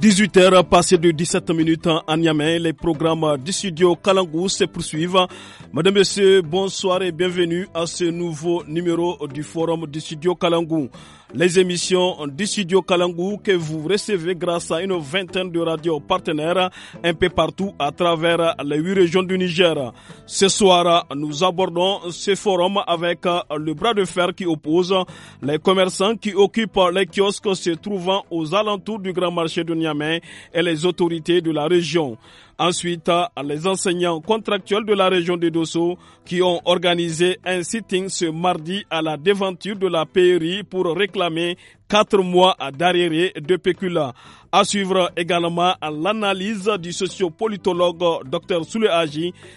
18h passé de 17 minutes en Niamey, les programmes du studio Kalangou se poursuivent. Madame, Messieurs, bonsoir et bienvenue à ce nouveau numéro du forum du studio Kalangou les émissions du studio Kalangou que vous recevez grâce à une vingtaine de radios partenaires un peu partout à travers les huit régions du Niger. Ce soir, nous abordons ce forum avec le bras de fer qui oppose les commerçants qui occupent les kiosques se trouvant aux alentours du grand marché de Niamey et les autorités de la région. Ensuite, les enseignants contractuels de la région de Dosso qui ont organisé un sitting ce mardi à la déventure de la PRI e pour réclamer quatre mois d'arriérés de pécula. À suivre également l'analyse du sociopolitologue Dr Soule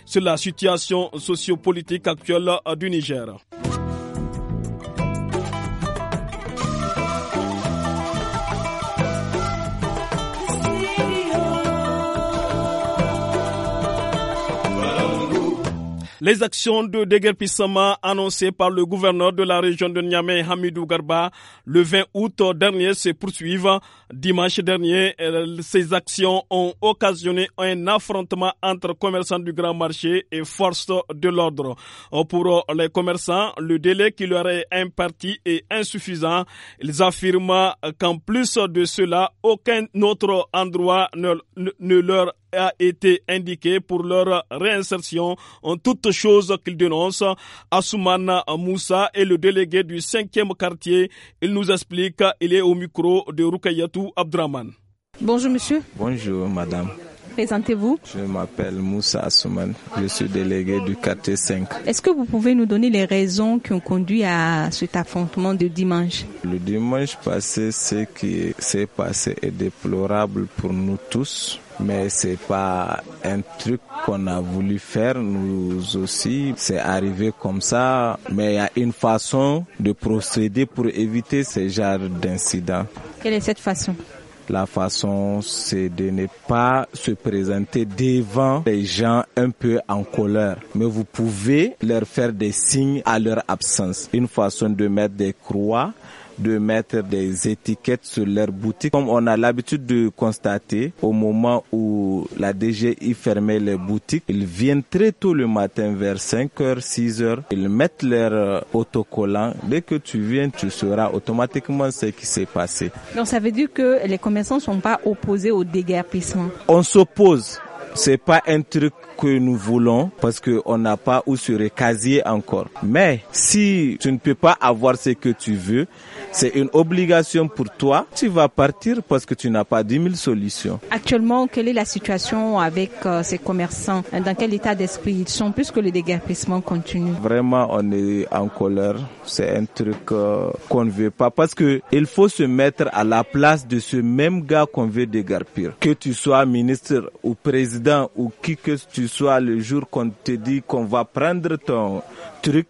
sur la situation sociopolitique actuelle du Niger. Les actions de déguerpissement annoncées par le gouverneur de la région de Niamey, Hamidou Garba, le 20 août dernier se poursuivent. Dimanche dernier, euh, ces actions ont occasionné un affrontement entre commerçants du grand marché et forces de l'ordre. Euh, pour euh, les commerçants, le délai qui leur est imparti est insuffisant. Ils affirment qu'en plus de cela, aucun autre endroit ne, ne leur a été indiqué pour leur réinsertion en toutes choses qu'il dénonce. Assoumana Moussa est le délégué du cinquième quartier. Il nous explique, il est au micro de Rukayatou Abdraman. Bonjour monsieur. Bonjour madame. Présentez-vous. Je m'appelle Moussa Assouman. Je suis délégué du quartier 5. Est-ce que vous pouvez nous donner les raisons qui ont conduit à cet affrontement de dimanche Le dimanche passé, ce qui s'est passé est déplorable pour nous tous mais c'est pas un truc qu'on a voulu faire nous aussi c'est arrivé comme ça mais il y a une façon de procéder pour éviter ce genre d'incident quelle est cette façon la façon, c'est de ne pas se présenter devant des gens un peu en colère, mais vous pouvez leur faire des signes à leur absence. Une façon de mettre des croix de mettre des étiquettes sur leurs boutiques. comme on a l'habitude de constater au moment où la DGI fermait les boutiques. Ils viennent très tôt le matin vers 5h, 6h. Ils mettent leur euh, autocollant. Dès que tu viens, tu sauras automatiquement ce qui s'est passé. Donc ça veut dire que les commerçants ne sont pas opposés au déguerpissement. On s'oppose c'est pas un truc que nous voulons parce que on n'a pas où se recasier encore. Mais si tu ne peux pas avoir ce que tu veux, c'est une obligation pour toi. Tu vas partir parce que tu n'as pas 10 000 solutions. Actuellement, quelle est la situation avec euh, ces commerçants Dans quel état d'esprit ils sont que le déguerpissement continue Vraiment, on est en colère. C'est un truc euh, qu'on ne veut pas parce que il faut se mettre à la place de ce même gars qu'on veut dégarpir. Que tu sois ministre ou président ou qui que tu sois, le jour qu'on te dit qu'on va prendre ton truc,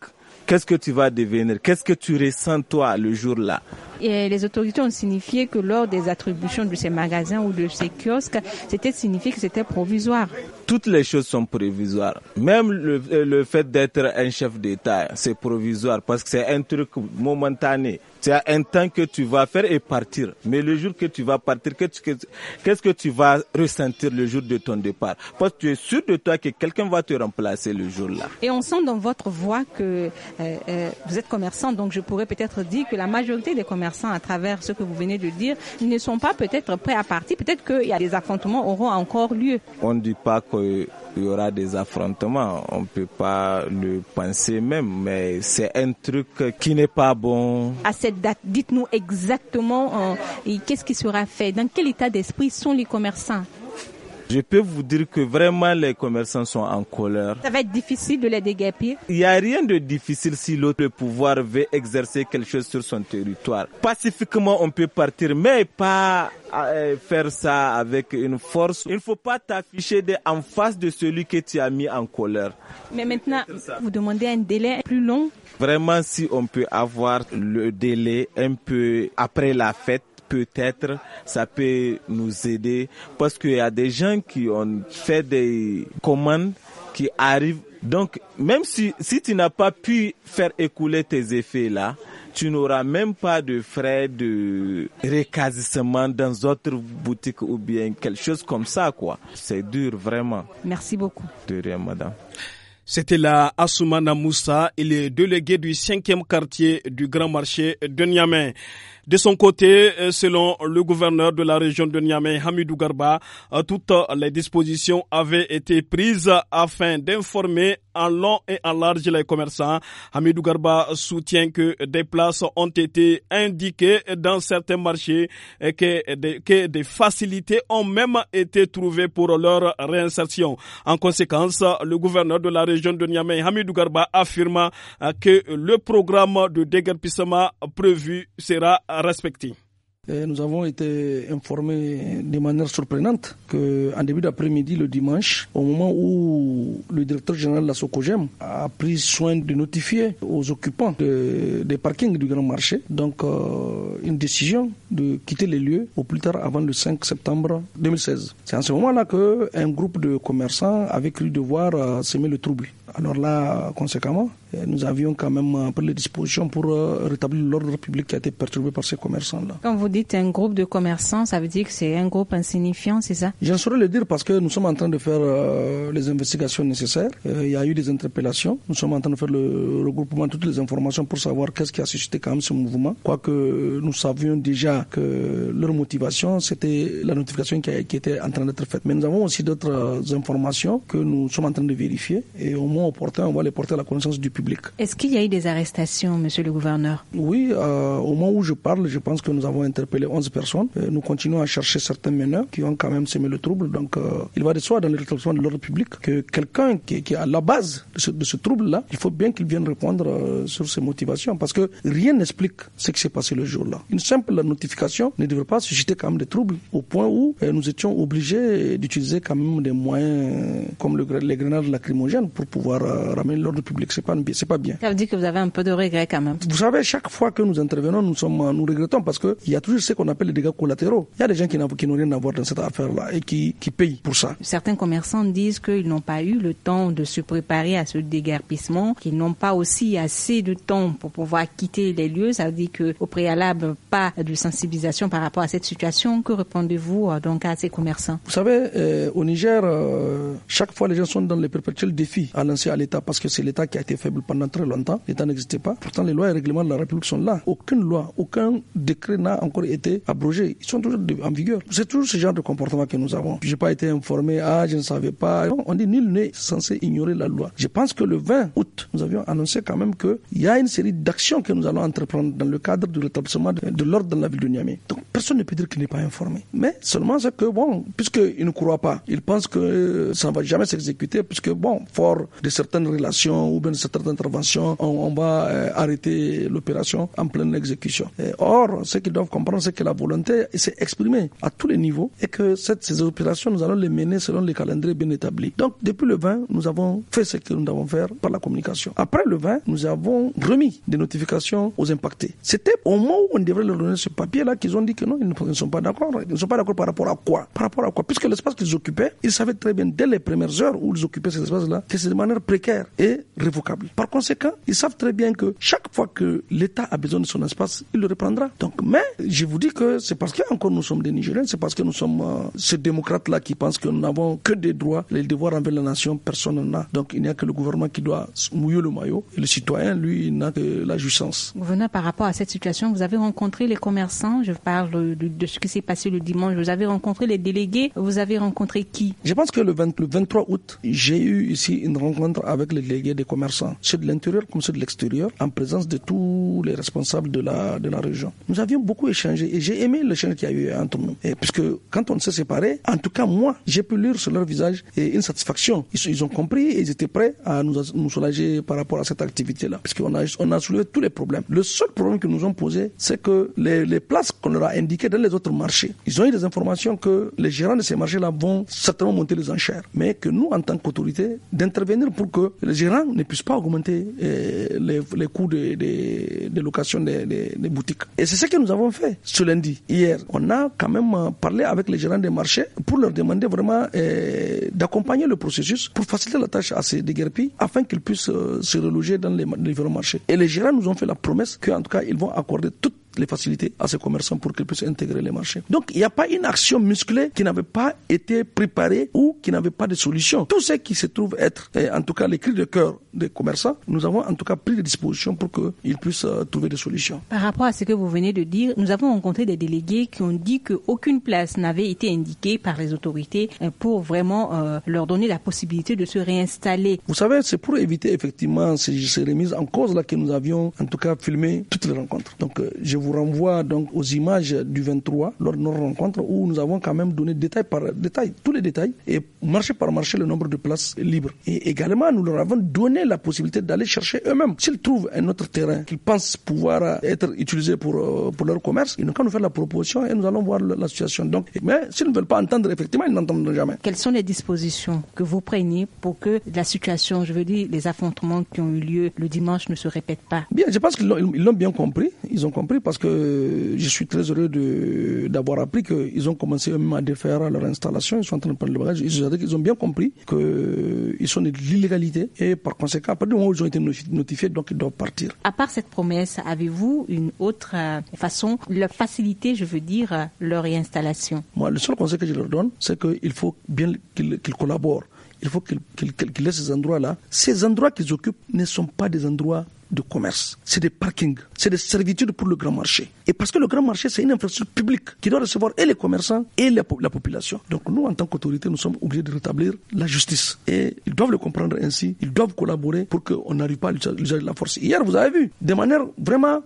Qu'est-ce que tu vas devenir Qu'est-ce que tu ressens toi le jour-là et les autorités ont signifié que lors des attributions de ces magasins ou de ces kiosques, c'était signifié que c'était provisoire. Toutes les choses sont provisoires. Même euh, le, fait d'être un chef d'État, c'est provisoire parce que c'est un truc momentané. C'est un temps que tu vas faire et partir. Mais le jour que tu vas partir, qu'est-ce que tu vas ressentir le jour de ton départ Parce que tu es sûr de toi que quelqu'un va te remplacer le jour-là. Et on sent dans votre voix que euh, euh, vous êtes commerçant, donc je pourrais peut-être dire que la majorité des commerçants commerçants à travers ce que vous venez de dire ne sont pas peut-être prêts à partir. Peut-être qu'il y a des affrontements auront encore lieu. On ne dit pas qu'il y aura des affrontements. On ne peut pas le penser même, mais c'est un truc qui n'est pas bon. À cette date, dites-nous exactement euh, qu'est-ce qui sera fait. Dans quel état d'esprit sont les commerçants je peux vous dire que vraiment les commerçants sont en colère. Ça va être difficile de les déguerpir Il n'y a rien de difficile si l'autre pouvoir veut exercer quelque chose sur son territoire. Pacifiquement, on peut partir, mais pas euh, faire ça avec une force. Il ne faut pas t'afficher en face de celui que tu as mis en colère. Mais maintenant, vous demandez un délai plus long Vraiment, si on peut avoir le délai un peu après la fête, peut-être ça peut nous aider parce qu'il y a des gens qui ont fait des commandes qui arrivent. Donc, même si, tu n'as pas pu faire écouler tes effets là, tu n'auras même pas de frais de recasissement dans d'autres boutiques ou bien quelque chose comme ça, quoi. C'est dur, vraiment. Merci beaucoup. De rien, madame. C'était la Assoumana Moussa, il est délégué du 5e quartier du Grand Marché de Niamey. De son côté, euh, selon le gouverneur de la région de Niamey, Hamidou Garba, euh, toutes les dispositions avaient été prises afin d'informer en long et en large les commerçants. Hamidou Garba soutient que des places ont été indiquées dans certains marchés et que des, facilités ont même été trouvées pour leur réinsertion. En conséquence, le gouverneur de la région de Niamey, Hamidou Garba, affirme euh, que le programme de dégarpissement prévu sera nous avons été informés de manière surprenante qu'en début d'après-midi, le dimanche, au moment où le directeur général de la Socogem a pris soin de notifier aux occupants des parkings du Grand Marché, donc euh, une décision de quitter les lieux au plus tard avant le 5 septembre 2016. C'est en ce moment-là qu'un groupe de commerçants avait cru devoir semer le trouble. Alors là, conséquemment, eh, nous avions quand même euh, pris les dispositions pour euh, rétablir l'ordre public qui a été perturbé par ces commerçants-là. Quand vous dites un groupe de commerçants, ça veut dire que c'est un groupe insignifiant, c'est ça J'en saurais le dire parce que nous sommes en train de faire euh, les investigations nécessaires. Il y a eu des interpellations. Nous sommes en train de faire le regroupement de toutes les informations pour savoir qu'est-ce qui a suscité quand même ce mouvement. Quoique nous savions déjà que leur motivation, c'était la notification qui, était en train d'être faite. Mais nous avons aussi d'autres informations que nous sommes en train de vérifier. Et au moins, opportun, on va les porter à la connaissance du public. Est-ce qu'il y a eu des arrestations, monsieur le gouverneur Oui, euh, au moment où je parle, je pense que nous avons interpellé 11 personnes. Nous continuons à chercher certains meneurs qui ont quand même semé le trouble. Donc, euh, il va de soi dans le rétablissement de l'ordre public que quelqu'un qui, est à la base de ce, trouble-là, il faut bien qu'il vienne répondre euh, sur ses motivations parce que rien n'explique ce qui s'est passé le jour-là. Une simple notification ne devrait pas susciter quand même des troubles au point où nous étions obligés d'utiliser quand même des moyens comme les grenades lacrymogènes pour pouvoir euh, ramener l'ordre public. C'est pas, c'est pas bien. Ça veut dire que vous avez un peu de regret quand même. Vous savez, chaque fois que nous intervenons, nous sommes, nous regrettons parce que il y a toujours ce qu'on appelle les dégâts collatéraux. Il y a des gens qui n'ont rien à voir dans cette affaire-là et qui, qui payent pour ça. Certains commerçants disent qu'ils n'ont pas eu le temps de se préparer à ce déguerpissement, qu'ils n'ont pas aussi assez de temps pour pouvoir quitter les lieux. Ça veut dire qu'au préalable, pas de sensibilisation par rapport à cette situation. Que répondez-vous euh, donc à ces commerçants Vous savez, euh, au Niger, chaque fois les gens sont dans les perpétuels défis à à l'État parce que c'est l'État qui a été faible pendant très longtemps. L'État n'existait pas. Pourtant, les lois et règlements de la République sont là. Aucune loi, aucun décret n'a encore été abrogé. Ils sont toujours en vigueur. C'est toujours ce genre de comportement que nous avons. J'ai pas été informé. Ah, je ne savais pas. on dit nul n'est censé ignorer la loi. Je pense que le 20 août, nous avions annoncé quand même qu'il y a une série d'actions que nous allons entreprendre dans le cadre du rétablissement de, l'ordre dans la ville de Niamey. Donc, personne ne peut dire qu'il n'est pas informé. Mais seulement c'est que, bon, puisqu'il ne croit pas, il pense que euh, ça ne va jamais s'exécuter, puisque, bon, fort certaines relations ou bien certaines interventions, on, va euh, arrêter l'opération en pleine exécution. Et or, ce qu'ils doivent comprendre, c'est que la volonté s'est exprimée à tous les niveaux et que cette, ces opérations, nous allons les mener selon les calendriers bien établis. Donc, depuis le 20, nous avons fait ce que nous devons faire par la communication. Après le 20, nous avons remis des notifications aux impactés. C'était au moment où on devrait leur donner ce papier-là qu'ils ont dit que non, ils ne sont pas d'accord. Ils ne sont pas d'accord par rapport à quoi Par rapport à quoi Puisque l'espace qu'ils occupaient, ils savaient très bien dès les premières heures où ils occupaient cet espace-là que c'est de manière précaire et révocable. Par conséquent, ils savent très bien que chaque fois que l'État a besoin de son espace, il le reprendra. Donc, mais je vous dis que c'est parce que encore nous sommes des Nigériens, c'est parce que nous sommes euh, ces démocrates-là qui pensent que nous n'avons que des droits, les devoirs envers la nation, personne n'en a. Donc, il n'y a que le gouvernement qui doit mouiller le maillot. Et le citoyen, lui, n'a que la jouissance. Gouverneur, par rapport à cette situation, vous avez rencontré les commerçants, je parle de, ce qui s'est passé le dimanche, vous avez rencontré les délégués, vous avez rencontré qui Je pense que le, le 23 août, j'ai eu ici une rencontre avec les délégués des commerçants, ceux de l'intérieur comme ceux de l'extérieur, en présence de tous les responsables de la, de la région. Nous avions beaucoup échangé et j'ai aimé l'échange qu'il y a eu entre nous. Et puisque quand on s'est séparés, en tout cas moi, j'ai pu lire sur leur visage une satisfaction. Ils, ont compris et ils étaient prêts à nous, nous soulager par rapport à cette activité-là. Puisqu'on a, on a soulevé tous les problèmes. Le seul problème qu'ils nous ont posé, c'est que les, les places qu'on leur a indiquées dans les autres marchés, ils ont eu des informations que les gérants de ces marchés-là vont certainement monter les enchères. Mais que nous, en tant qu'autorité, d'intervenir pour que les gérants ne puissent pas augmenter euh, les, coûts de, location des, boutiques. Et c'est ce que nous avons fait ce lundi. Hier, on a quand même euh, parlé avec les gérants des marchés pour leur demander vraiment euh, d'accompagner le processus pour faciliter la tâche à ces déguerpis afin qu'ils puissent se reloger dans les, différents marchés. Et les gérants nous ont fait la promesse qu'en tout cas, ils vont accorder toute les faciliter à ces commerçants pour qu'ils puissent intégrer les marchés. Donc il n'y a pas une action musclée qui n'avait pas été préparée ou qui n'avait pas de solution. Tout ce qui se trouve être, eh, en tout cas les cris de cœur des commerçants, nous avons en tout cas pris des dispositions pour qu'ils puissent euh, trouver des solutions. Par rapport à ce que vous venez de dire, nous avons rencontré des délégués qui ont dit qu'aucune place n'avait été indiquée par les autorités euh, pour vraiment euh, leur donner la possibilité de se réinstaller. Vous savez, c'est pour éviter effectivement ces, remises en cause là que nous avions en tout cas filmé toutes les rencontres. Donc je vous renvoie donc aux images du 23 lors de notre rencontre où nous avons quand même donné détail par détail, tous les détails et marché par marché le nombre de places libres. Et également, nous leur avons donné la possibilité d'aller chercher eux-mêmes. S'ils trouvent un autre terrain qu'ils pensent pouvoir être utilisé pour, euh, pour leur commerce, ils n'ont qu'à nous faire la proposition et nous allons voir la situation. Donc, mais s'ils ne veulent pas entendre, effectivement, ils n'entendront jamais. Quelles sont les dispositions que vous preniez pour que la situation, je veux dire, les affrontements qui ont eu lieu le dimanche ne se répètent pas Bien, je pense qu'ils l'ont bien compris. Ils ont compris parce parce que je suis très heureux d'avoir appris qu'ils ont commencé à défaire leur installation, ils sont en train de prendre le bagage, ils, ont bien compris qu'ils euh, sont de l'illégalité et par conséquent, à partir du moment où ils ont été notifiés, donc ils doivent partir. À part cette promesse, avez-vous une autre euh, façon, leur faciliter, je veux dire, euh, leur réinstallation Moi, le seul conseil que je leur donne, c'est qu'il faut bien qu'ils collaborent il faut qu'ils laissent ces endroits-là. Ces endroits qu'ils occupent ne sont pas des endroits de commerce, c'est des parkings, c'est des servitudes pour le grand marché. Et parce que le grand marché, c'est une infrastructure publique qui doit recevoir et les commerçants et la, population. Donc nous, en tant qu'autorité, nous sommes obligés de rétablir la justice. Et ils doivent le comprendre ainsi, ils doivent collaborer pour qu'on n'arrive pas à l'usage de la force. Hier, vous avez vu, de manière vraiment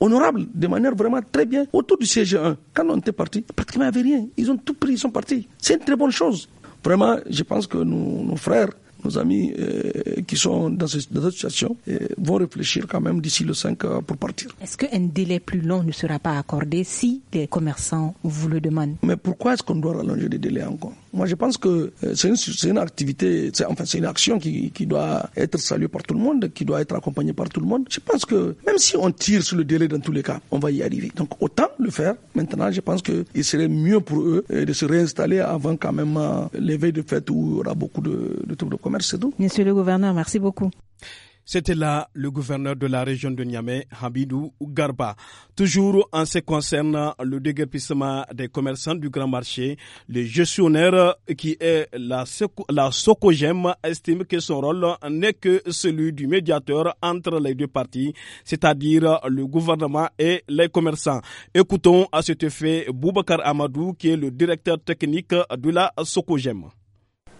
honorable, de manière vraiment très bien, autour du siège 1 quand on était parti, pratiquement il n'y avait rien. Ils ont tout pris, ils sont partis. C'est une très bonne chose. Vraiment, je pense que nos frères, nos amis euh, qui sont dans, cette situation euh, vont réfléchir quand même d'ici le 5 euh, pour partir. Est-ce qu'un délai plus long ne sera pas accordé si les commerçants vous le demandent Mais pourquoi est-ce qu'on doit rallonger les délais encore moi, je pense que euh, c'est une, une, activité, c'est, enfin, c'est une action qui, qui, doit être saluée par tout le monde, qui doit être accompagnée par tout le monde. Je pense que même si on tire sur le délai dans tous les cas, on va y arriver. Donc, autant le faire. Maintenant, je pense que il serait mieux pour eux euh, de se réinstaller avant quand même euh, l'éveil de fête où il y aura beaucoup de, de troubles de commerce, c'est tout. Monsieur le gouverneur, merci beaucoup. C'était là le gouverneur de la région de Niamey, Habidou Garba. Toujours en ce qui concerne le déguerpissement des commerçants du grand marché, le gestionnaire qui est la, la Socogem estime que son rôle n'est que celui du médiateur entre les deux parties, c'est-à-dire le gouvernement et les commerçants. Écoutons à cet effet Boubacar Amadou qui est le directeur technique de la Socogem.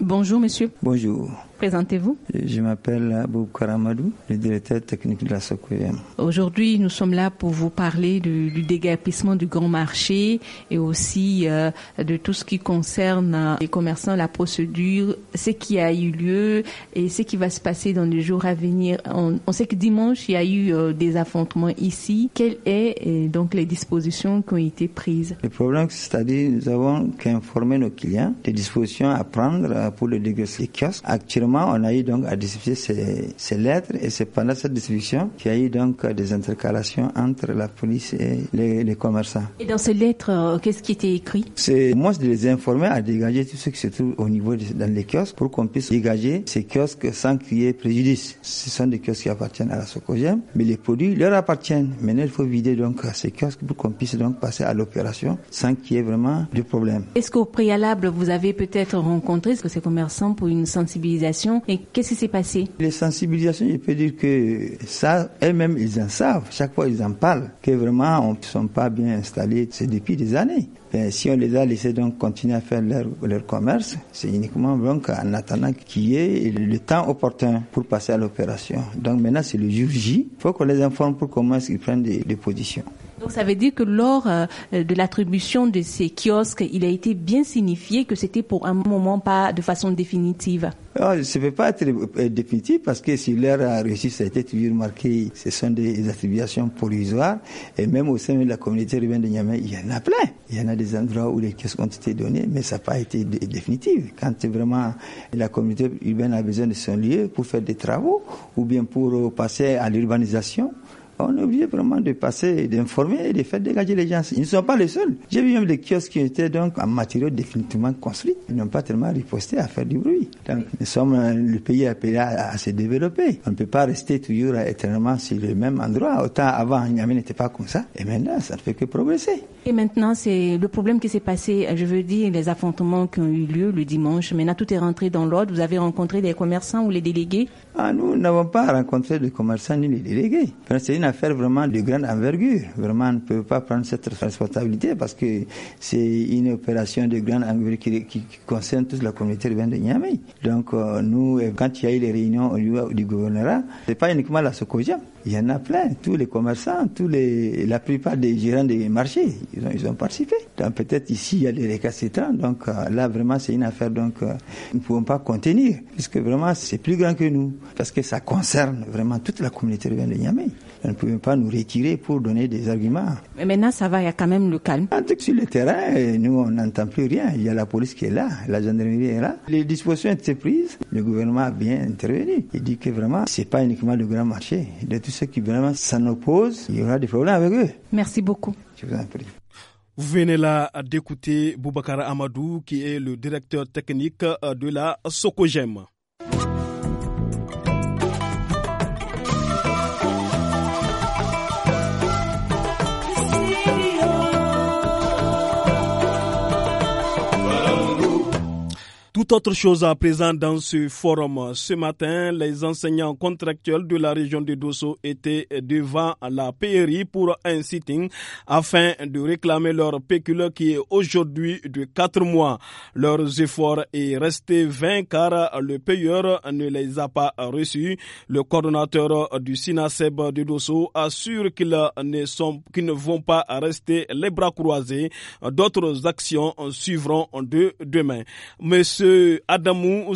Bonjour monsieur. Bonjour. Présentez-vous. Je m'appelle Boub Karamadou, le directeur technique de la SOCOEM. Aujourd'hui, nous sommes là pour vous parler du, du du grand marché et aussi euh, de tout ce qui concerne euh, les commerçants, la procédure, ce qui a eu lieu et ce qui va se passer dans les jours à venir. On, sait que dimanche, il y a eu euh, des affrontements ici. Quelles est donc les dispositions qui ont été prises Le problème, c'est-à-dire, nous avons qu'informer nos clients des dispositions à prendre pour le dégât des kiosques. Actuellement, on a eu donc à distribuer ces, lettres et c'est pendant cette distribution qu'il y a eu donc des intercalations entre la police et les, commerçants. Et dans ces lettres, euh, qu'est-ce qui était écrit C'est moi de les informer à dégager tout ce qui se trouve au niveau des dans les kiosques pour qu'on puisse dégager ces kiosques sans qu'il y ait préjudice. Ce sont des kiosques qui appartiennent à la Socogem, mais les produits leur appartiennent. Maintenant, il faut vider donc ces kiosques pour qu'on puisse donc passer à l'opération sans qu'il y ait vraiment de problème. Est-ce qu'au préalable, vous avez peut-être rencontré ces commerçants pour une sensibilisation et qu'est-ce qui s'est passé Les sensibilisations, je peux dire que ça, eux mêmes ils en savent. Chaque fois, ils en parlent. Que vraiment, on ne sont pas bien installés. depuis des années. Ben, si on les a laissés donc continuer à faire leur, leur commerce, c'est uniquement donc en attendant qu'il y ait le temps opportun pour passer à l'opération. Donc maintenant, c'est le jour J. Il faut qu'on les informe pour comment ils prennent des positions. Donc ça veut dire que lors euh, de l'attribution de ces kiosques, il a été bien signifié que c'était pour un moment pas de façon définitive. ça ah, ne peut pas être euh, définitif parce que si a réussi, ça a été toujours marqué, ce sont des attributions provisoires et même au sein de la communauté urbaine de Niamey, il y en a plein. Il y en a des endroits où les kiosques ont été donnés, mais ça n'a pas été définitif. Quand vraiment la communauté urbaine a besoin de son lieu pour faire des travaux ou bien pour euh, passer à l'urbanisation, on est obligé vraiment de passer d'informer et de faire dégager les gens. Ils ne sont pas les seuls. J'ai vu même des kiosques qui étaient donc en matériaux définitivement construits. Ils n'ont pas tellement riposté à faire du bruit. Donc, nous sommes euh, le pays appelé à, se développer. On ne peut pas rester toujours éternellement sur le même endroit. Autant avant, Niamey n'était pas comme ça. Et maintenant, ça ne fait que progresser. Et maintenant, c'est le problème qui s'est passé, euh, je veux dire, les affrontements qui ont eu lieu le dimanche. Maintenant, tout est rentré dans l'ordre. Vous avez rencontré des commerçants ou les délégués ah, nous n'avons pas rencontré de commerçants ni de délégués. C'est une affaire vraiment de grande envergure. Vraiment, on ne peut pas prendre cette responsabilité parce que c'est une opération de grande envergure qui, qui, concerne toute la communauté de Niamey. Donc, euh, nous, quand il y a eu les réunions au lieu du gouvernorat, c'est pas uniquement la Sokoja. Il y en a plein, tous les commerçants, tous les, la plupart des gérants des marchés, ils ont, ils ont participé. Peut-être ici, il y a des récalcitrants, donc euh, là, vraiment, c'est une affaire donc euh, nous ne pouvons pas contenir, puisque vraiment, c'est plus grand que nous, parce que ça concerne vraiment toute la communauté urbaine de Niamey. On ne pouvait pas nous retirer pour donner des arguments. Mais maintenant, ça va, il y a quand même le calme. En tout cas, sur le terrain, nous, on n'entend plus rien. Il y a la police qui est là, la gendarmerie est là. Les dispositions étaient prises. Le gouvernement a bien intervenu. Il dit que vraiment, ce n'est pas uniquement le grand marché. De tous ceux qui vraiment s'en opposent, il y aura des problèmes avec eux. Merci beaucoup. Je vous en prie. Vous venez là d'écouter Boubacara Amadou, qui est le directeur technique de la Sokogem. autre chose à présent dans ce forum. Ce matin, les enseignants contractuels de la région de Dosso étaient devant la PRI pour un sitting afin de réclamer leur pécule qui est aujourd'hui de quatre mois. Leurs efforts est resté vain car le payeur ne les a pas reçus. Le coordonnateur du SINASEB de Dosso assure qu'ils ne, sont, qu'ils ne vont pas rester les bras croisés. D'autres actions suivront de demain. Adamou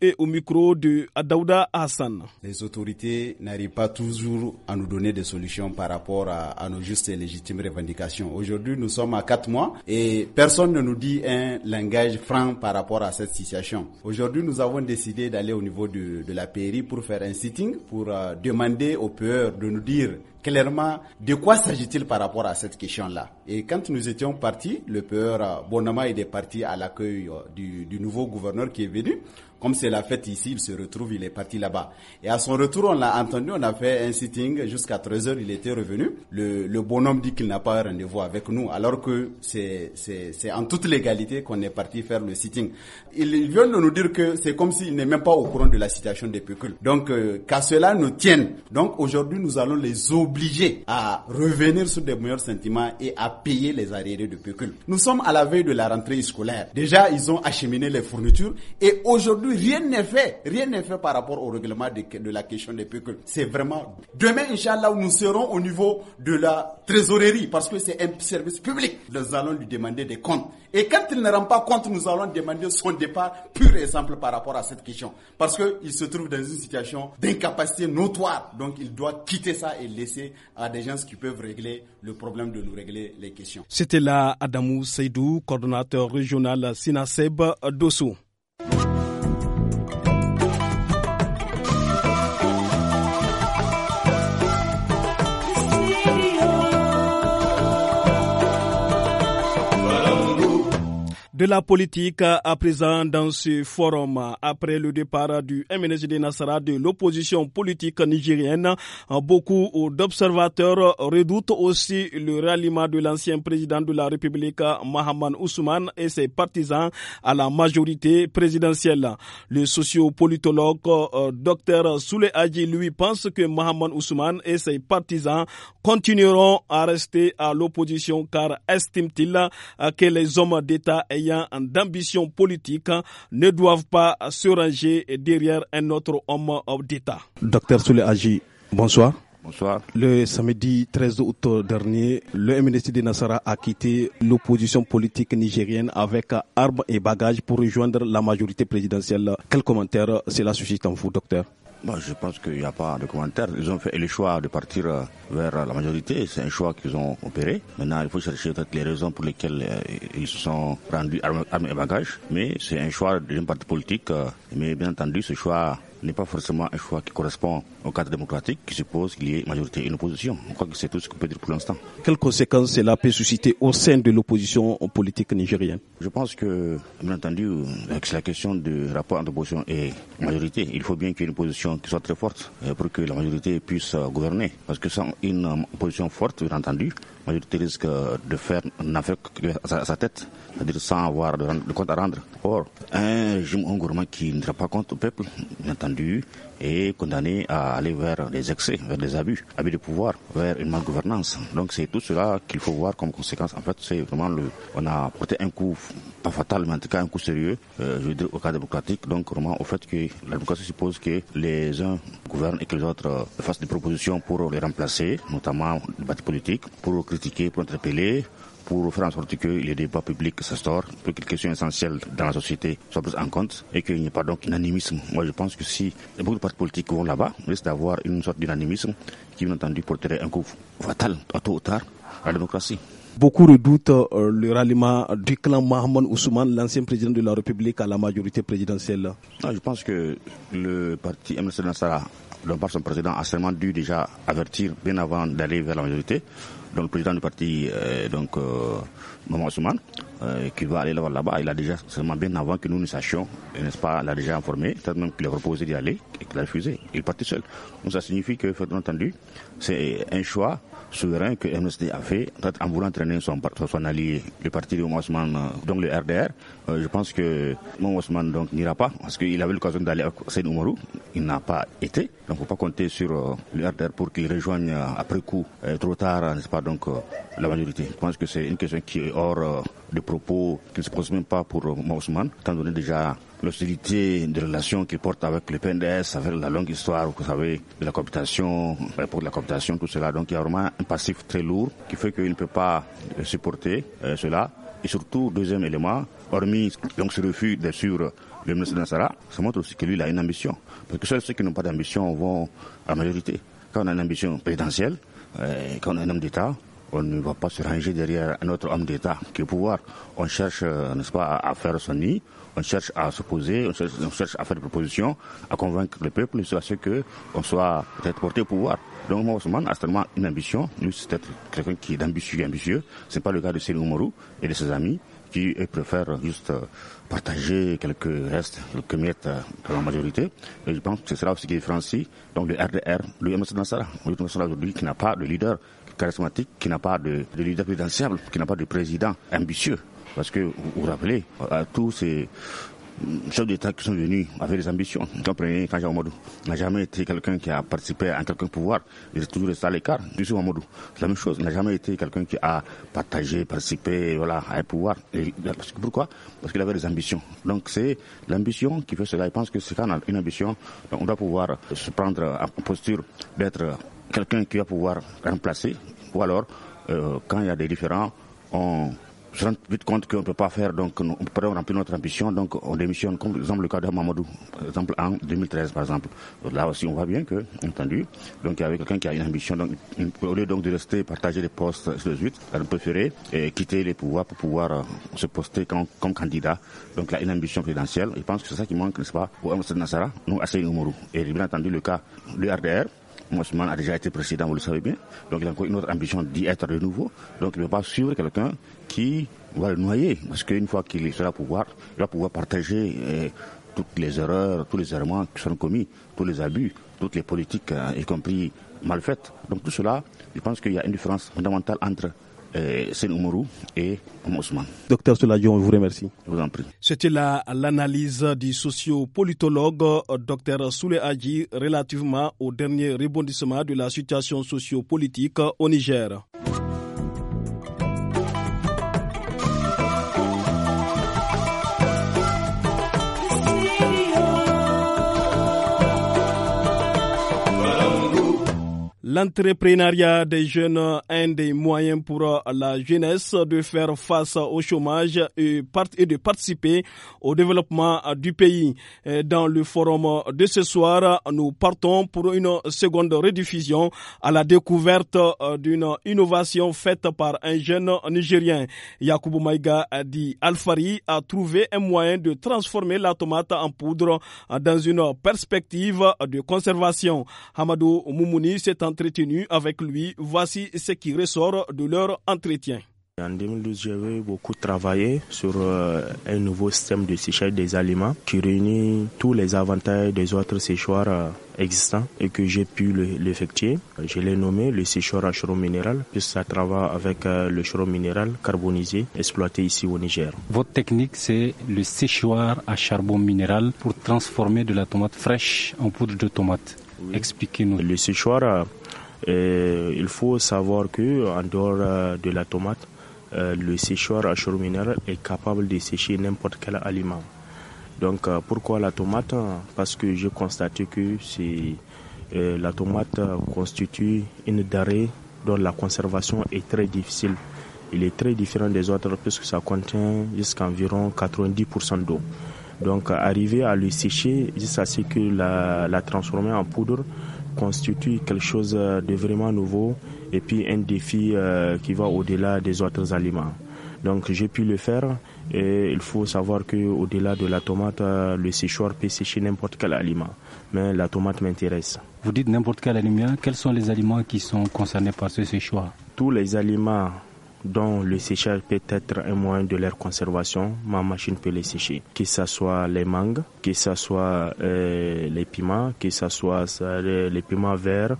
et au micro de Daouda Hassan. Les autorités n'arrivent pas toujours à nous donner des solutions par rapport à, nos justes et légitimes revendications. Aujourd'hui, nous sommes à quatre mois et personne ne nous dit un langage franc par rapport à cette situation. Aujourd'hui, nous avons décidé d'aller au niveau de, la PRI pour faire un sitting, pour euh, demander aux peurs de nous dire clairement de quoi s'agit-il par rapport à cette question-là. Et quand nous étions partis, le peur euh, Bonama est parti à l'accueil euh, du, du nouveau gouverneur qui est venu. Comme c'est la fête ici, il se retrouve, il est parti là-bas. Et à son retour, on l'a entendu, on a fait un sitting jusqu'à 13 heures, il était revenu. Le, bonhomme dit qu'il n'a pas rendez-vous avec nous, alors que c'est, c'est, en toute légalité qu'on est parti faire le sitting. Ils, il viennent de nous dire que c'est comme s'il n'est même pas au courant de la situation des pécules. Donc, euh, qu'à cela nous tienne. Donc, aujourd'hui, nous allons les obliger à revenir sur des meilleurs sentiments et à payer les arriérés de pécules. Nous sommes à la veille de la rentrée scolaire. Déjà, ils ont acheminé les fournitures et aujourd'hui, rien n'est fait. Rien n'est fait par rapport au règlement de, la question des peuples. C'est vraiment demain, Inch'Allah, nous serons au niveau de la trésorerie parce que c'est un service public. Nous allons lui demander des comptes. Et quand il ne rend pas compte, nous allons demander son départ pur et simple par rapport à cette question. Parce qu'il se trouve dans une situation d'incapacité notoire. Donc il doit quitter ça et laisser à des gens qui peuvent régler le problème de nous régler les questions. C'était là Adamou Seydou, coordonnateur régional Sinaseb Dosso. de la politique à présent dans ce forum. Après le départ du MNSD Nassara de l'opposition politique nigérienne, beaucoup d'observateurs redoutent aussi le ralliement de l'ancien président de la République, Mahaman Ousmane, et ses partisans à la majorité présidentielle. Le sociopolitologue euh, Dr Soule Hadji, lui, pense que Mahaman Ousman et ses partisans continueront à rester à l'opposition car estime-t-il que les hommes d'État ayant en d'ambition politique ne doivent pas se ranger derrière un autre homme d'État. Docteur Soule Aji, bonsoir. Bonsoir. Le samedi 13 août dernier, le ministre de Nassara a quitté l'opposition politique nigérienne avec armes et bagages pour rejoindre la majorité présidentielle. Quel commentaire cela suscite en vous, docteur Bon, bah, je pense qu'il n'y a pas de commentaire. Ils ont fait le choix de partir euh, vers euh, la majorité. C'est un choix qu'ils ont opéré. Maintenant, il faut chercher peut-être les raisons pour lesquelles euh, ils se sont rendus armés et bagages. Mais c'est un choix d'une partie politique. Mais bien entendu, ce choix n'est pas forcément un choix qui correspond au cadre démocratique qui suppose qu'il y ait majorité et une opposition. Je crois que c'est tout ce qu'on peut dire pour l'instant. Quelles conséquences cela peut susciter au sein de l'opposition politique nigérienne Je pense que, bien entendu, avec la question du rapport entre opposition et majorité, il faut bien qu'il y ait une opposition qui soit très forte euh, pour que la majorité puisse euh, gouverner. Parce que sans une euh, opposition forte, bien entendu, la majorité risque de faire un affaire à sa tête, c'est-à-dire sans avoir de compte à rendre. Or, un, un gouvernement qui ne dira pas compte au peuple, bien entendu, et condamné à aller vers des excès, vers des abus, abus de pouvoir, vers une malgouvernance. Donc c'est tout cela qu'il faut voir comme conséquence. En fait, c'est vraiment le, on a porté un coup, pas fatal, mais en tout cas un coup sérieux, euh, je veux dire, au cas démocratique. Donc vraiment au fait que la démocratie suppose que les uns gouvernent et que les autres euh, fassent des propositions pour les remplacer, notamment des parti politiques, pour critiquer, pour interpeller, pour faire en sorte que les débats publics s'instaurent, que les questions essentielles dans la société soient prises en compte et qu'il n'y ait pas donc d'unanimisme. Moi, je pense que si beaucoup de partis politiques vont là-bas, on risque d'avoir une sorte d'unanimisme qui, bien entendu, porterait un coup fatal, à tôt ou tard, à la démocratie. Beaucoup redoutent euh, le ralliement du clan Mahmoud Ousmane, l'ancien président de la République, à la majorité présidentielle. Ah, je pense que le parti M. Nassara, dont par son président, a seulement dû déjà avertir bien avant d'aller vers la majorité donc le président du parti, euh, donc euh, Maman Ousmane, euh, qui va aller là-bas, il a déjà seulement bien avant que nous ne sachions, n'est-ce pas, il a déjà informé, peut même qu'il a proposé d'y aller et qu'il a refusé. Il est parti seul. Donc ça signifie que, bien entendu, c'est un choix souverain que MSD a fait en voulant traîner son, son allié, le parti de Ousmane, euh, donc le RDR. Euh, je pense que mon donc n'ira pas parce qu'il avait l'occasion d'aller à Seine Oumarou. Il n'a pas été. Donc il ne faut pas compter sur euh, le RDR pour qu'il rejoigne après coup, trop tard, n'est-ce pas, donc la majorité. Je pense que c'est une question qui est hors de propos qui ne se posent même pas pour Ousmane, euh, étant donné déjà l'hostilité des relations qu'il porte avec le PNDS, avec la longue histoire, vous savez, de la cooptation, euh, pour la cooptation, tout cela. Donc il y a vraiment un passif très lourd qui fait qu'il ne peut pas euh, supporter cela. Et surtout, deuxième élément, hormis donc ce refus sur le ministre Nassara, ça montre aussi que lui, il a une ambition. Parce que ceux qui n'ont pas d'ambition vont la majorité. Quand on a une ambition présidentielle, quand on est un homme d'État, on ne va pas se ranger derrière un autre homme d'État qui est pouvoir. On cherche, euh, n'est-ce pas, à faire son nid, on cherche à s'opposer, on cherche, on cherche à faire des propositions, à convaincre le peuple à ce qu'on soit peut-être porté au pouvoir. Donc moi, a seulement une ambition, lui c'est quelqu'un qui est ambitieux, ambitieux. Ce pas le cas de Céline Mourou et de ses amis qui préfèrent juste euh, partager quelques restes, quelques miettes euh, de la majorité. Et je pense que ce sera aussi qui est donc le RDR, le MS Nassara, aujourd'hui qui n'a pas de leader charismatique, qui n'a pas de, de leader présidentiel, qui n'a pas de président ambitieux. Parce que, vous vous rappelez, à tous ces chefs d'État qui sont venus avec des ambitions. Vous comprenez, n'a jamais été quelqu'un qui a participé à quelqu'un pouvoir. Il est toujours resté à l'écart. c'est la même chose. Il n'a jamais été quelqu'un qui a partagé, participé voilà, à un pouvoir. pourquoi Parce qu'il avait des ambitions. Donc c'est l'ambition qui fait cela. Je pense que c'est quand on a une ambition, on doit pouvoir se prendre en posture d'être quelqu'un qui va pouvoir remplacer. Ou alors, euh, quand il y a des différents, on se rend vite compte qu'on ne peut pas faire, donc on peut remplir notre ambition, donc on démissionne, comme par exemple le cas de Mamadou, exemple en 2013 par exemple. Là aussi on voit bien que, entendu, donc il y avait quelqu'un qui a une ambition, donc au lieu donc de rester partager les postes sur préférait euh, quitter les pouvoirs pour pouvoir euh, se poster comme, candidat. Donc il a une ambition présidentielle, je pense que c'est ça qui manque, n'est-ce pas, Pour au Nassara, nous à mourou Et bien entendu le cas de RDR, Mossman a déjà été président, vous le savez bien. Donc il a encore une autre ambition d'y être de nouveau. Donc il ne veut pas suivre quelqu'un qui va le noyer. Parce qu'une fois qu'il sera au pouvoir, il va pouvoir partager eh, toutes les erreurs, tous les errements qui sont commis, tous les abus, toutes les politiques, eh, y compris mal faites. Donc tout cela, je pense qu'il y a une différence fondamentale entre c'est euh, et vous remercie. vous en prie. C'était là l'analyse du sociopolitologue euh, Docteur Soule relativement au dernier rebondissement de la situation sociopolitique euh, au Niger. L'entrepreneuriat des jeunes, est un des moyens pour euh, la jeunesse de faire face au chômage et de participer au développement euh, du pays. Dans le forum de ce soir, nous partons pour une seconde rediffusion à la découverte euh, d'une innovation faite par un jeune Nigérien. Yakubu Maïga dit Alfari a trouvé un moyen de transformer la tomate en poudre dans une perspective de conservation. Hamadou Moumouni s'est retenu avec lui. Voici ce qui ressort de leur entretien. En 2012, j'avais beaucoup travaillé sur euh, un nouveau système de séchage des aliments qui réunit tous les avantages des autres séchoirs euh, existants et que j'ai pu l'effectuer. Je l'ai nommé le séchoir à charbon minéral puisque ça travaille avec euh, le charbon minéral carbonisé exploité ici au Niger. Votre technique, c'est le séchoir à charbon minéral pour transformer de la tomate fraîche en poudre de tomate. Expliquez-nous. Le séchoir il faut savoir que en dehors euh, de la tomate, euh, le séchoir à minéral est capable de sécher n'importe quel aliment. Donc euh, pourquoi la tomate Parce que j'ai constaté que c'est la tomate constitue une denrée dont la conservation est très difficile. Il est très différent des autres puisque ça contient jusqu'à environ 90% d'eau. Donc arriver à le sécher, c'est ce que la transformer en poudre, constitue quelque chose euh, de vraiment nouveau et puis un défi euh, qui va au-delà des autres aliments. Donc j'ai pu le faire et il faut savoir que au-delà de la tomate, euh, le séchoir peut sécher n'importe quel aliment. Mais la tomate m'intéresse. Vous dites n'importe quel aliment. Quels sont les aliments qui sont concernés par ce séchoir Tous les aliments dont le séchage peut être un moyen de leur conservation, ma machine peut les sécher. Que ce soit les mangues, que ce soit euh, les piments, que ce soit euh, les piments verts,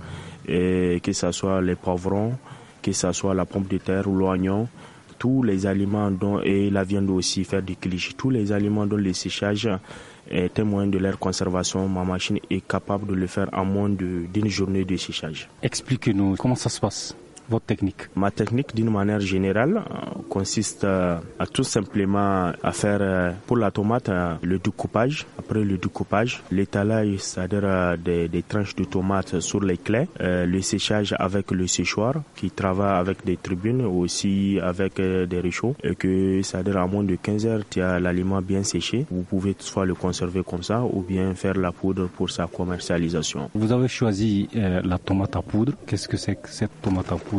euh, que ce soit les poivrons, que ce soit la pompe de terre ou l'oignon, tous les aliments dont, et la viande aussi, faire du cliché, tous les aliments dont le séchage est un moyen de leur conservation. Ma machine est capable de le faire en moins d'une journée de séchage. Expliquez-nous comment ça se passe votre technique Ma technique, d'une manière générale, euh, consiste euh, à tout simplement à faire euh, pour la tomate le découpage. Après le découpage, l'étalage, c'est-à-dire des, tranches de tomates sur les clés, le séchage avec le séchoir qui travaille avec des tribunes aussi avec des réchauds. Et que, c'est-à-dire à moins de 15 heures, tu as l'aliment bien séché. Vous pouvez soit le conserver comme ça ou bien faire la poudre pour sa commercialisation. Vous avez choisi la tomate à poudre. Qu'est-ce que c'est que cette tomate à poudre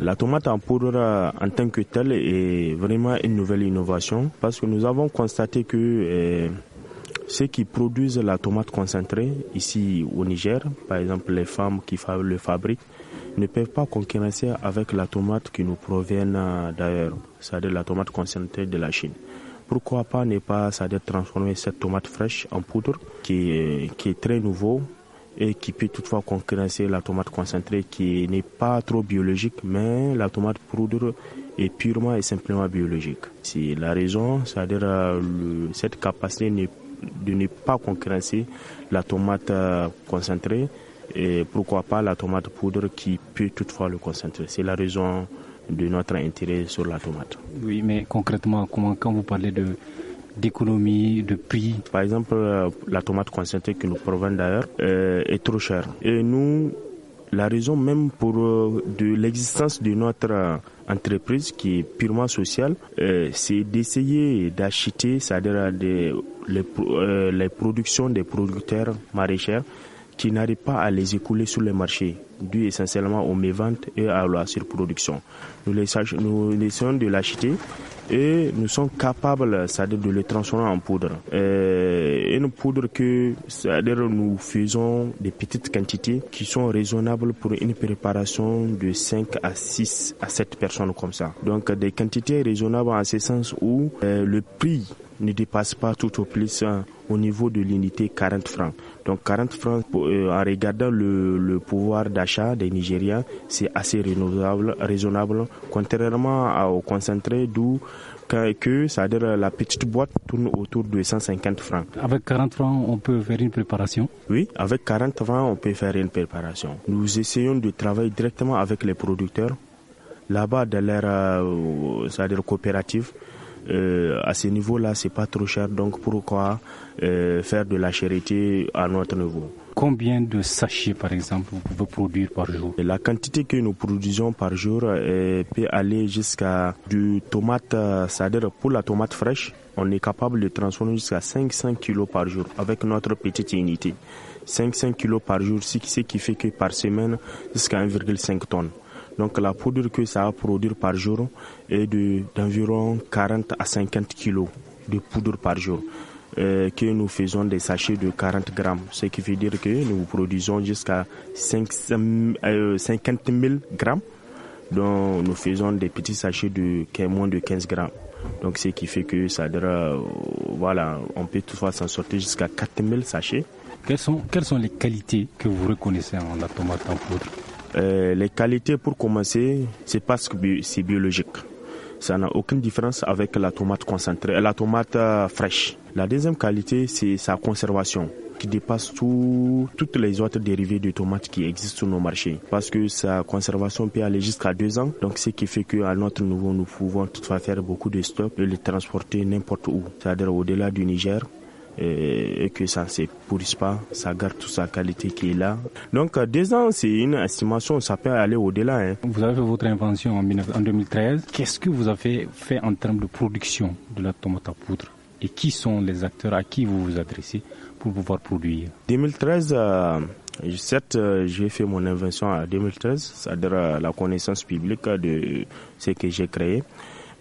la tomate en poudre en tant que telle est vraiment une nouvelle innovation parce que nous avons constaté que eh, ceux qui produisent la tomate concentrée ici au Niger, par exemple les femmes qui le fabriquent, ne peuvent pas concurrencer avec la tomate qui nous provient euh, d'ailleurs, c'est-à-dire la tomate concentrée de la Chine. Pourquoi pas ne pas transformer cette tomate fraîche en poudre qui qui est très nouveau et qui peut toutefois concurrencer la tomate concentrée qui n'est pas trop biologique, mais la tomate poudre est purement et simplement biologique. C'est la raison, c'est-à-dire euh, cette capacité de ne pas concurrencer la tomate euh, concentrée et pourquoi pas la tomate poudre qui peut toutefois le concentrer. C'est la raison de notre intérêt sur la tomate. Oui, mais concrètement, comment, quand vous parlez de d'économie, de prix. Par exemple, euh, la tomate concentrée qui nous provient d'ailleurs euh, est trop chère. Et nous, la raison même pour euh, de l'existence de notre entreprise qui est purement sociale, c'est d'essayer d'acheter, c'est-à-dire les, les productions des producteurs maraîchers qui n'arrivent pas à les écouler sur le marché, dû essentiellement aux méventes et à la surproduction. Nous, les, nous essayons de l'acheter et nous sommes capables cest de le transformer en poudre. Et euh, une poudre que c'est-à-dire nous faisons des petites quantités qui sont raisonnables pour une préparation de 5 à 6 à 7 personnes comme ça. Donc des quantités raisonnables en ce sens où euh, le prix ne dépasse pas tout au plus hein, au niveau de l'unité 40 francs. Donc 40 francs, euh, en regardant le, pouvoir d'achat des Nigériens, c'est assez raisonnable, raisonnable contrairement au concentré d'où que, dire la petite boîte tourne autour de 150 francs. Avec 40 francs, on peut faire une préparation Oui, avec 40 francs, on peut faire une préparation. Nous essayons de travailler directement avec les producteurs là-bas dans leur euh, c'est-à-dire coopérative euh, à ce niveau-là, c'est pas trop cher. Donc pourquoi euh, faire de la charité à notre niveau Combien de sachets, par exemple, vous pouvez produire par jour euh, La quantité que nous produisons par jour peut aller jusqu'à du tomate, c'est-à-dire pour la tomate fraîche, on est capable de transformer jusqu'à 500 kg par jour avec notre petite unité. 500 kg par jour, ce qui fait que par semaine, jusqu'à 1,5 tonnes. Donc la poudre que ça va produire par jour est d'environ 40 à 50 kilos de poudre par jour. Euh, que nous faisons des sachets de 40 grammes, ce qui veut dire que nous produisons jusqu'à 50 000 euh, grammes, donc nous faisons des petits sachets de moins de 15 grammes. Donc ce qui fait que ça euh, voilà, on peut toutefois s'en sortir jusqu'à 000 sachets. Quelles sont, quelles sont les qualités que vous reconnaissez en la tomate en poudre euh, les qualités, pour commencer, c'est parce que c'est biologique. Ça n'a aucune différence avec la tomate concentrée, la tomate euh, fraîche. La deuxième qualité, c'est sa conservation qui dépasse tout, toutes les autres dérivées de tomates qui existent sur nos marchés. Parce que sa conservation peut aller jusqu'à deux ans. Donc, ce qui fait qu'à notre niveau, nous pouvons toutefois faire beaucoup de stocks et les transporter n'importe où. C'est-à-dire au-delà du Niger, et, que ça ne se pourrisse pas, ça garde toute sa qualité qui est là. Donc euh, deux ans, c'est une estimation, ça peut aller au-delà. Hein. Vous avez fait votre invention en, 2013. Qu'est-ce que vous avez fait en termes de production de la tomate à poudre et qui sont les acteurs à qui vous vous adressez pour pouvoir produire 2013, euh, certes, euh, j'ai fait mon invention en 2013, c'est-à-dire euh, la connaissance publique de ce que j'ai créé.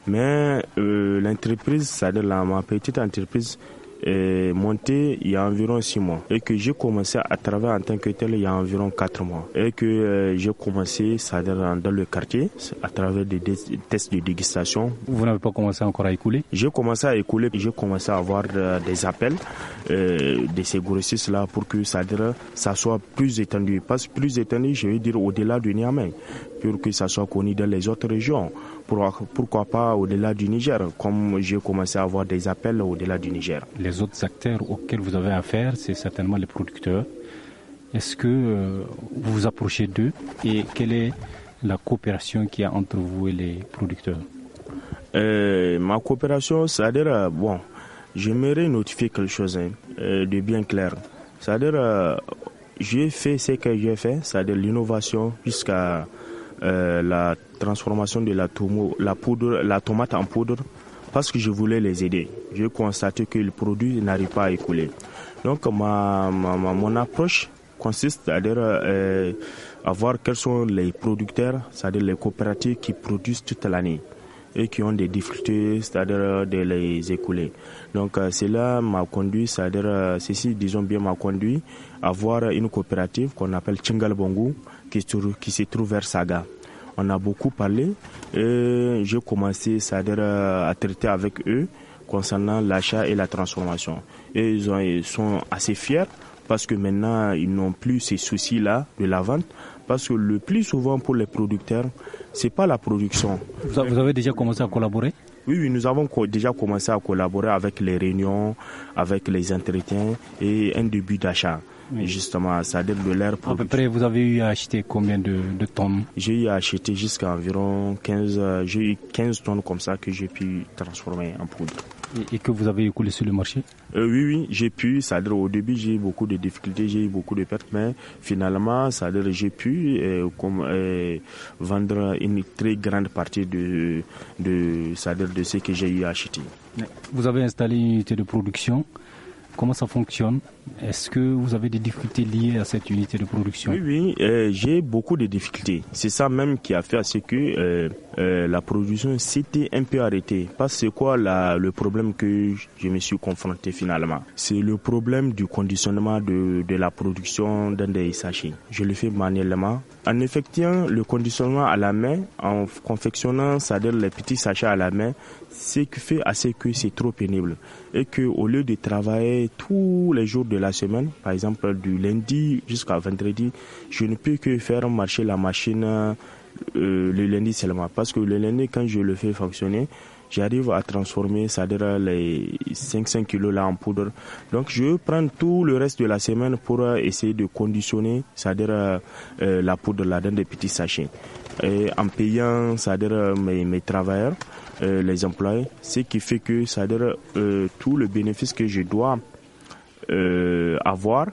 Mais l'entreprise, c'est-à-dire ma petite entreprise, monté il y a environ six mois et que j'ai commencé à travailler en tant que tel il y a environ quatre mois et que euh, j'ai commencé ça dans, le quartier à travers des, tests de dégustation. Vous n'avez pas commencé encore à écouler J'ai commencé à écouler, j'ai commencé à avoir euh, des appels euh, de ces grossistes-là pour que ça, ça soit plus étendu. Pas plus étendu, je veux dire au-delà du Niamey, pour que ça soit connu dans les autres régions pourquoi, pas au-delà du Niger, comme j'ai commencé à avoir des appels au-delà du Niger. Les autres acteurs auxquels vous avez affaire, c'est certainement les producteurs. Est-ce que euh, vous vous approchez d'eux et quelle est la coopération qu'il y a entre vous et les producteurs euh, Ma coopération, c'est-à-dire, euh, bon, j'aimerais notifier quelque chose hein, de bien clair. C'est-à-dire, j'ai fait ce que j'ai fait, c'est-à-dire l'innovation jusqu'à euh, la transformation de la, la, tomate en poudre parce que je voulais les aider. J'ai constaté que le produit n'arrive pas à écouler. Donc mon approche consiste à, dire, euh, à voir quels sont les producteurs, c'est-à-dire les coopératives qui produisent toute l'année et qui ont des difficultés, c'est-à-dire de les écouler. Donc euh, cela m'a conduit, c'est-à-dire euh, ceci, disons bien, m'a conduit à voir une coopérative qu'on appelle Chingal qui, qui se trouve vers Saga. On a beaucoup parlé et j'ai commencé, c'est-à-dire euh, à traiter avec eux concernant l'achat et la transformation. Et ils sont assez fiers parce que maintenant ils n'ont plus ces soucis-là de la vente parce que le plus souvent pour les producteurs, c'est pas la production. Vous avez déjà commencé à collaborer oui, oui, nous avons déjà commencé à collaborer avec les réunions, avec les entretiens et un début d'achat. Justement, ça donne de l'air À peu près, vous avez eu à acheter combien de, tonnes J'ai eu à acheter jusqu'à environ 15, 15 euh, tonnes comme ça que j'ai pu transformer en poudre et, que vous avez écoulé sur le marché euh, Oui, oui, j'ai pu. Ça au début, j'ai eu beaucoup de difficultés, j'ai eu beaucoup de pertes, mais finalement, ça j'ai pu euh, comme, euh, vendre une très grande partie de, de, de ce que j'ai eu acheté. Vous avez installé une unité de production comment ça fonctionne Est-ce que vous avez des difficultés liées à cette unité de production Oui, oui, j'ai beaucoup de difficultés. C'est ça même qui a fait à ce que euh, la production s'était un peu arrêtée. Parce que c'est quoi la, le problème que je me suis confronté finalement C'est le problème du conditionnement de, de la production dans des sachets. Je le fais manuellement. En effectuant le conditionnement à la main, en confectionnant, c'est-à-dire les petits sachets à la main, ce qui fait assez que c'est trop pénible. Et que au lieu de travailler tous les jours de la semaine, par exemple du lundi jusqu'à vendredi, je ne peux que faire marcher la machine euh, le lundi seulement. Parce que le lundi, quand je le fais fonctionner, j'arrive à transformer, c'est-à-dire les 5-5 kilos là en poudre. Donc je prends tout le reste de la semaine pour euh, essayer de conditionner, c'est-à-dire euh, la poudre là dans des petits sachets. Et en payant, c'est-à-dire mes, mes travailleurs, les employés, ce qui fait que, c'est-à-dire tout le bénéfice que je dois avoir,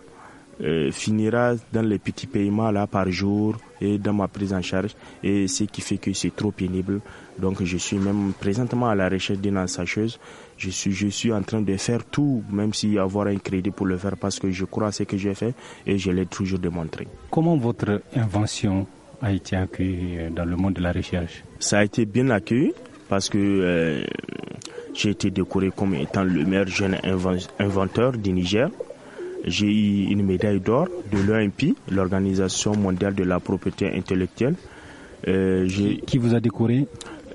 euh, finira dans les petits paiements là par jour et dans ma prise en charge et ce qui fait que c'est trop pénible. Donc je suis même présentement à la recherche d'une sacheuse Je suis, je suis en train de faire tout, même si avoir un crédit pour le faire parce que je crois à ce que j'ai fait et je l'ai toujours démontré. Comment votre invention a été accueillie euh, dans le monde de la recherche Ça a été bien accueilli parce que euh, j'ai été décoré comme étant le meilleur jeune inventeur du Niger j'ai eu une médaille d'or de l'OMP, l'Organisation mondiale de la propriété intellectuelle. Euh, Qui vous a décoré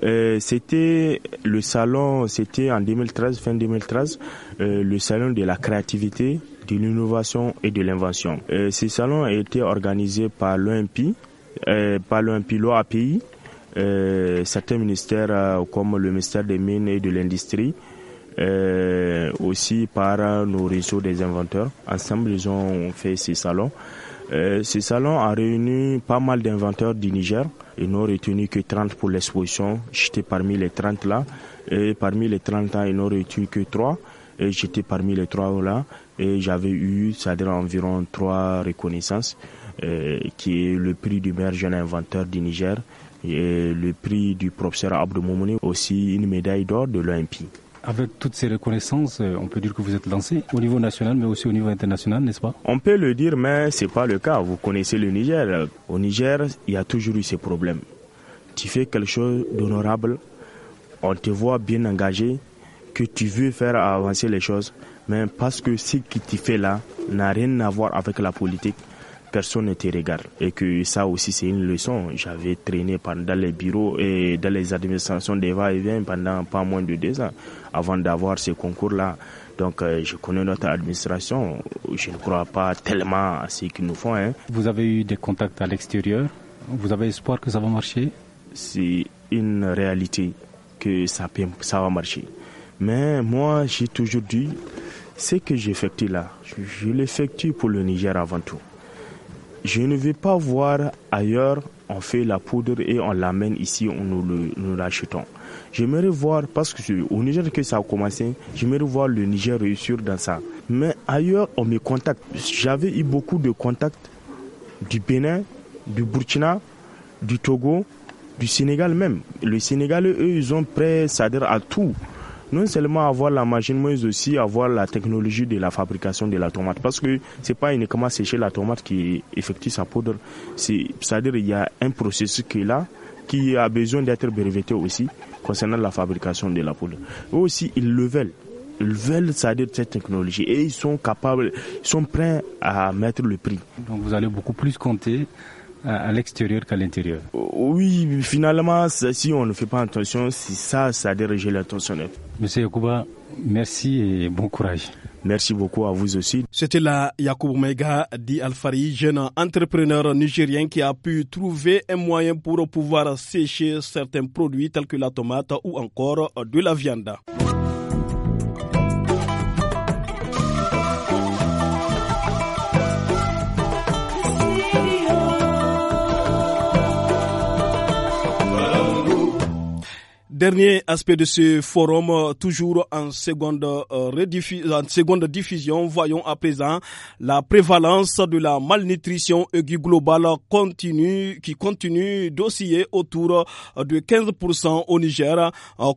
euh, C'était le salon, c'était en 2013, fin 2013, euh, le salon de la créativité, de l'innovation et de l'invention. ce salon a été organisé par l'OMP, par l'OMP, l'OAPI, certains ministères comme le ministère des Mines et de l'Industrie, euh, aussi par nos réseaux des inventeurs. Ensemble, ils ont fait ces salons. Euh, ce salon a réuni pas mal d'inventeurs du Niger. Ils n'ont retenu que 30 pour l'exposition. J'étais parmi les 30 là. Et parmi les 30 ans, ils n'ont retenu que 3. Et j'étais parmi les 3 là. Et j'avais eu, ça à dire environ 3 reconnaissances, euh, qui est le prix du meilleur jeune inventeur du Niger et le prix du professeur Abdou Moumouni, aussi une médaille d'or de l'OMPI. Avec toutes ces reconnaissances, euh, on peut dire que vous êtes lancé au niveau national, mais aussi au niveau international, n'est-ce pas On peut le dire, mais ce n'est pas le cas. Vous connaissez le Niger. Au Niger, il y a toujours eu ces problèmes. Tu fais quelque chose d'honorable, on te voit bien engagé, que tu veux faire avancer les choses, mais parce que ce que tu fais là n'a rien à voir avec la politique, personne ne te regarde. Et que ça aussi, c'est une leçon. J'avais traîné pendant les bureaux et dans les administrations des va-et-vient pendant pas moins de deux ans avant d'avoir ce concours-là. Donc, euh, je connais notre administration. Je ne crois pas tellement à ce qu'ils nous font. Hein. Vous avez eu des contacts à l'extérieur. Vous avez espoir que ça va marcher C'est une réalité que ça, va marcher. Mais moi, j'ai toujours dit, ce que j'effectue là, je l'effectue pour le Niger avant tout. Je ne vais pas voir ailleurs, on fait la poudre et on l'amène ici, on nous, l'achetons. J'aimerais voir, parce que au Niger que ça a commencé, j'aimerais voir le Niger réussir dans ça. Mais ailleurs, on me contacte. J'avais eu beaucoup de contacts du Bénin, du Burkina, du Togo, du Sénégal même. Le Sénégal, eux, ils ont prêt, à tout non seulement avoir la machine, mais aussi avoir la technologie de la fabrication de la tomate. Parce que c'est pas uniquement sécher la tomate qui effectue sa poudre. C'est-à-dire il y a un processus qui est là, qui a besoin d'être breveté aussi concernant la fabrication de la poudre. Eux aussi, ils le veulent. Ils veulent, cette technologie. Et ils sont capables, ils sont prêts à mettre le prix. Donc vous allez beaucoup plus compter à, l'extérieur qu'à l'intérieur. Oh, oui, finalement, si on ne fait pas attention, si ça, ça la l'attention. Monsieur Yacouba, merci et bon courage. Merci beaucoup à vous aussi. C'était là Yakub Mega dit Alfari, jeune entrepreneur nigérien qui a pu trouver un moyen pour pouvoir sécher certains produits tels que la tomate ou encore de la viande. dernier aspect de ce forum, euh, toujours euh, en seconde, diffusion, voyons à présent la prévalence de la malnutrition aiguë globale qui continue d'osciller autour euh, de 15% au Niger,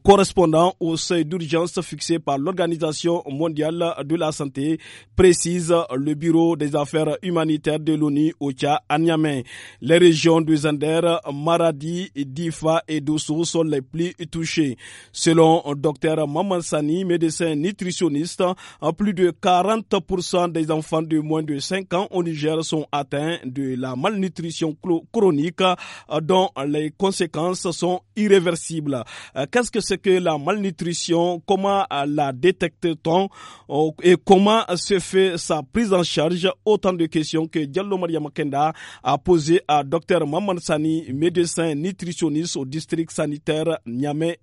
correspondant au seuil d'urgence fixé par l'Organisation mondiale de la santé, précise le Bureau des affaires humanitaires de l'ONU au Tchad à Niamey. Les régions du Zander, Maradi, Difa et Dosso sont les plus touchées Selon Selon Dr mamansani Sani, médecin nutritionniste, plus de 40% des enfants de moins de 5 ans au Niger sont atteints de la malnutrition chronique euh, dont les conséquences sont irréversibles. Euh, qu'est-ce que c'est que la malnutrition Comment euh, la détecte-t-on Et comment se fait sa prise en charge Autant de questions que Diallo Maria Makenda a posées à Dr mamansani Sani, médecin nutritionniste au district sanitaire Niamey. mais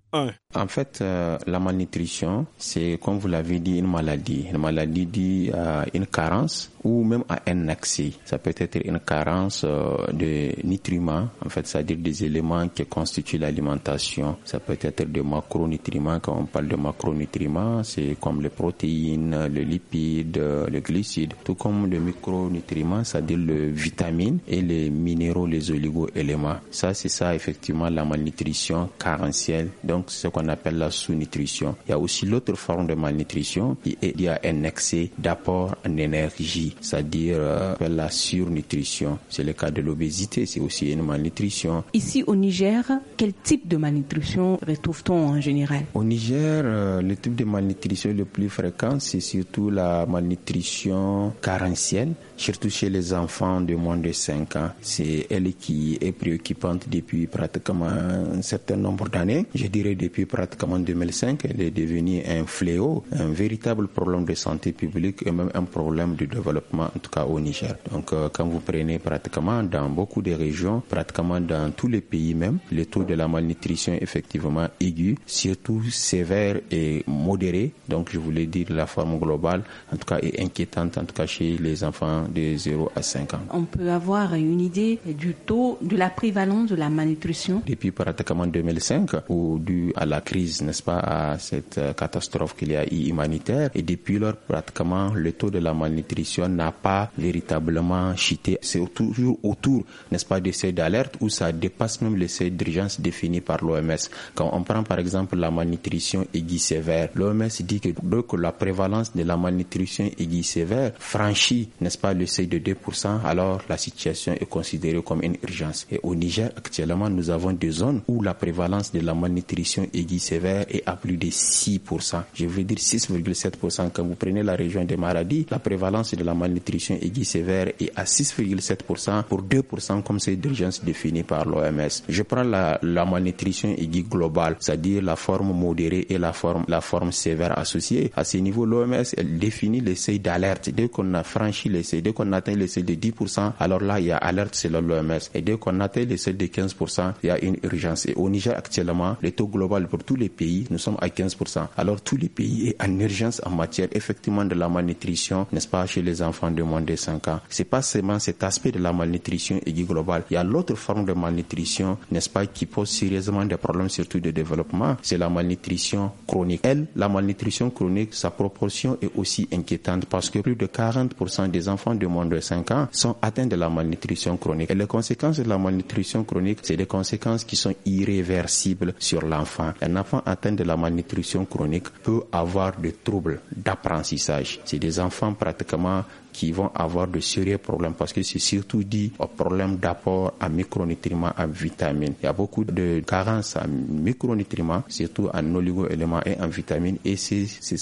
En fait, euh, la malnutrition, c'est comme vous l'avez dit, une maladie. Une maladie dit à une carence ou même à un accès. Ça peut être une carence euh, de nutriments, en fait, c'est-à-dire des éléments qui constituent l'alimentation. Ça peut être des macronutriments. Quand on parle de macronutriments, c'est comme les protéines, les lipides, les glucides, tout comme les micronutriments, c'est-à-dire les vitamines et les minéraux, les oligo-éléments. Ça, c'est ça, effectivement, la malnutrition carentielle. Donc, donc ce qu'on appelle la sous-nutrition. Il y a aussi l'autre forme de malnutrition, il y a un excès d'apport en énergie, c'est-à-dire euh, la surnutrition. C'est le cas de l'obésité, c'est aussi une malnutrition. Ici au Niger, quel type de malnutrition retrouve-t-on en général Au Niger, euh, le type de malnutrition le plus fréquent, c'est surtout la malnutrition carentielle surtout chez les enfants de moins de 5 ans. C'est elle qui est préoccupante depuis pratiquement un certain nombre d'années. Je dirais depuis pratiquement 2005, elle est devenue un fléau, un véritable problème de santé publique et même un problème de développement, en tout cas au Niger. Donc euh, quand vous prenez pratiquement dans beaucoup de régions, pratiquement dans tous les pays même, le taux de la malnutrition est effectivement aigu, surtout sévère et modéré. Donc je voulais dire la forme globale, en tout cas est inquiétante, en tout cas chez les enfants de 0 à 5 ans. On peut avoir une idée du taux de la prévalence de la malnutrition Depuis pratiquement 2005, ou dû à la crise, n'est-ce pas, à cette euh, catastrophe qu'il y a eu humanitaire, et depuis lors, pratiquement, le taux de la malnutrition n'a pas véritablement chuté. C'est toujours autour, n'est-ce pas, des seuils d'alerte où ça dépasse même les seuils d'urgence définis par l'OMS. Quand on prend par exemple la malnutrition aiguë sévère, l'OMS dit que, que la prévalence de la malnutrition aiguë sévère franchit, n'est-ce pas, le seuil de 2%, alors la situation est considérée comme une urgence. Et au Niger, actuellement, nous avons des zones où la prévalence de la malnutrition aiguë sévère est à plus de 6%. Je veux dire 6,7%. Quand vous prenez la région des maladies, la prévalence de la malnutrition aiguë sévère est à 6,7% pour 2% comme c'est d'urgence définie par l'OMS. Je prends la, malnutrition aiguë globale, c'est-à-dire la forme modérée et la forme, la forme sévère associée. À ce niveau, l'OMS définit le seuil d'alerte. Dès qu'on a franchi les seuil dès qu'on atteint le seuil de 10%, alors là, il y a alerte selon l'OMS. Et dès qu'on atteint le seuil de 15%, il y a une urgence. Et au Niger, actuellement, le taux global pour tous les pays, nous sommes à 15%. Alors tous les pays est en urgence en matière, effectivement, de la malnutrition, n'est-ce pas, chez les enfants de moins de 5 ans. C'est pas seulement cet aspect de la malnutrition aiguë globale. Il y a l'autre forme de malnutrition, n'est-ce pas, qui pose sérieusement des problèmes, surtout de développement. C'est la malnutrition chronique. Elle, la malnutrition chronique, sa proportion est aussi inquiétante parce que plus de 40% des enfants de moins de 5 ans sont atteints de la malnutrition chronique. Et les conséquences de la malnutrition chronique, c'est des conséquences qui sont irréversibles sur l'enfant. Un enfant atteint de la malnutrition chronique peut avoir des troubles d'apprentissage. C'est des enfants pratiquement qui vont avoir de sérieux problèmes parce que c'est surtout dit au problème d'apport à micronutriments, à vitamines. Il y a beaucoup de carences en micronutriments, surtout en oligo et en vitamines et ces,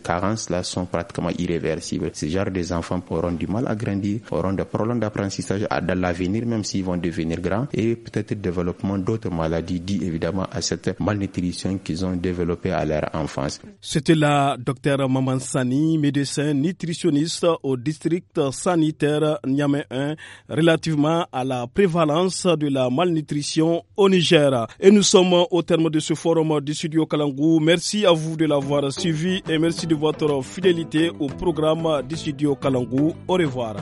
carences-là sont pratiquement irréversibles. Ces genres des enfants auront du mal à grandir, auront des problèmes d'apprentissage dans l'avenir même s'ils vont devenir grands et peut-être développement d'autres maladies dit évidemment à cette malnutrition qu'ils ont développée à leur enfance. C'était la docteure Maman médecin nutritionniste au district sanitaire Niamey 1 relativement à la prévalence de la malnutrition au Niger. Et nous sommes au terme de ce forum du studio Kalangou. Merci à vous de l'avoir suivi et merci de votre fidélité au programme du studio Kalangou. Au revoir.